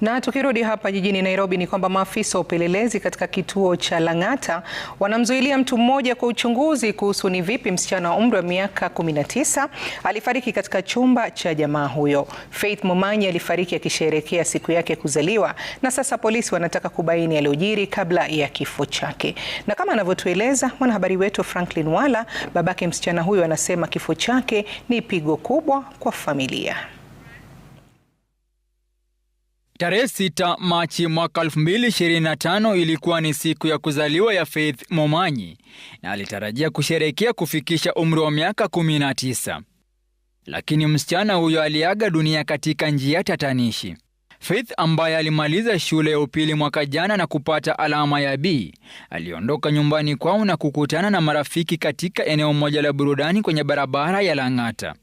Na tukirudi hapa jijini Nairobi ni kwamba maafisa wa upelelezi katika kituo cha Lang'ata wanamzuilia mtu mmoja kwa uchunguzi kuhusu ni vipi msichana wa umri wa miaka 19 alifariki katika chumba cha jamaa huyo. Faith Momanyi alifariki akisherehekea siku yake kuzaliwa na sasa polisi wanataka kubaini aliojiri kabla ya kifo chake. Na kama anavyotueleza mwanahabari wetu Franklin Wala, babake msichana huyo anasema kifo chake ni pigo kubwa kwa familia. Tarehe 6 Machi mwaka 2025 ilikuwa ni siku ya kuzaliwa ya Faith Momanyi na alitarajia kusherehekea kufikisha umri wa miaka 19, lakini msichana huyo aliaga dunia katika njia tatanishi. Faith ambaye alimaliza shule ya upili mwaka jana na kupata alama ya B, aliondoka nyumbani kwao na kukutana na marafiki katika eneo moja la burudani kwenye barabara ya Lang'ata.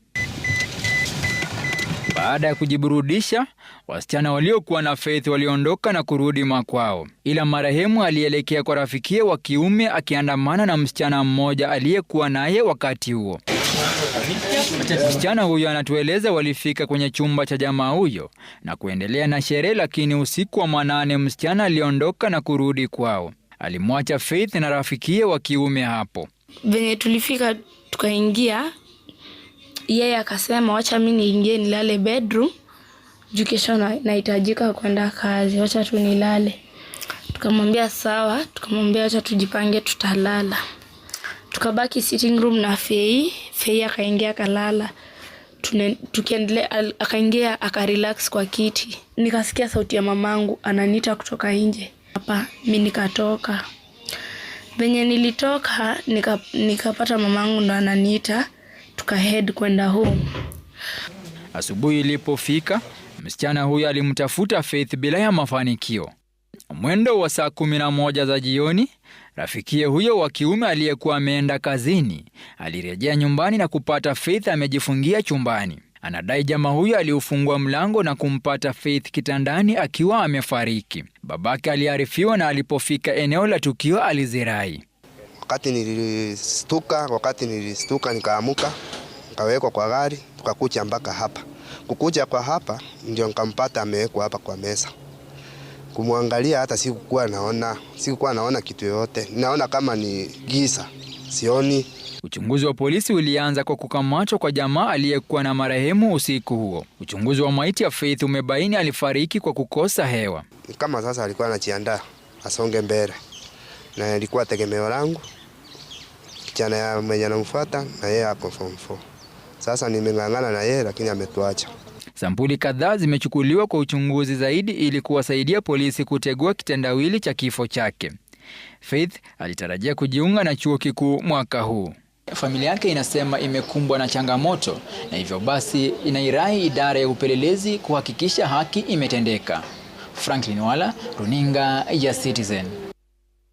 Baada ya kujiburudisha, wasichana waliokuwa na Faith waliondoka na kurudi makwao, ila marehemu alielekea kwa rafikie wa kiume akiandamana na msichana mmoja aliyekuwa naye wakati huo. Msichana huyo anatueleza walifika kwenye chumba cha jamaa huyo na kuendelea na sherehe, lakini usiku wa manane msichana aliondoka na kurudi kwao. Alimwacha Faith na rafikie wa kiume hapo. Venye tulifika tukaingia yeye akasema wacha mi niingie nilale bedroom juu kesho nahitajika kwenda kazi, wacha tu nilale. Tukamwambia sawa, tukamwambia wacha tujipange, tutalala. Tukabaki sitting room na Fei. Fei akaingia akalala, tukiendelea akaingia akarelax kwa kiti, nikasikia sauti ya mamangu ananiita kutoka nje. Hapa mi nikatoka, venye nilitoka nikapata nika mamangu ndo ananiita tukahead kwenda home. Asubuhi ilipofika, msichana huyo alimtafuta Faith bila ya mafanikio. Mwendo wa saa kumi na moja za jioni, rafikie huyo wa kiume aliyekuwa ameenda kazini alirejea nyumbani na kupata Faith amejifungia chumbani. Anadai jamaa huyo aliufungua mlango na kumpata Faith kitandani akiwa amefariki. Babake aliarifiwa na alipofika eneo la tukio alizirai. Wakati nilistuka, wakati nilistuka nikaamuka, nikawekwa kwa gari, tukakucha mpaka hapa. Kukuja kwa hapa ndio nikampata amewekwa hapa kwa meza. Kumwangalia hata sikukuwa naona, sikukuwa naona kitu yoyote, naona kama ni giza, sioni. Uchunguzi wa polisi ulianza kwa kukamatwa kwa jamaa aliyekuwa na marehemu usiku huo. Uchunguzi wa maiti ya Faith umebaini alifariki kwa kukosa hewa. Kama sasa alikuwa anajiandaa asonge mbele na ilikuwa tegemeo langu. Kijana ya mwenye anamfuata na yeye hapo form 4. Sasa nimeng'ang'ana na yeye lakini ametuacha. Sampuli kadhaa zimechukuliwa kwa uchunguzi zaidi ili kuwasaidia polisi kutegua kitendawili cha kifo chake. Faith alitarajia kujiunga na chuo kikuu mwaka huu. Familia yake inasema imekumbwa na changamoto na hivyo basi inairai idara ya upelelezi kuhakikisha haki imetendeka. Franklin Wala, Runinga ya Citizen.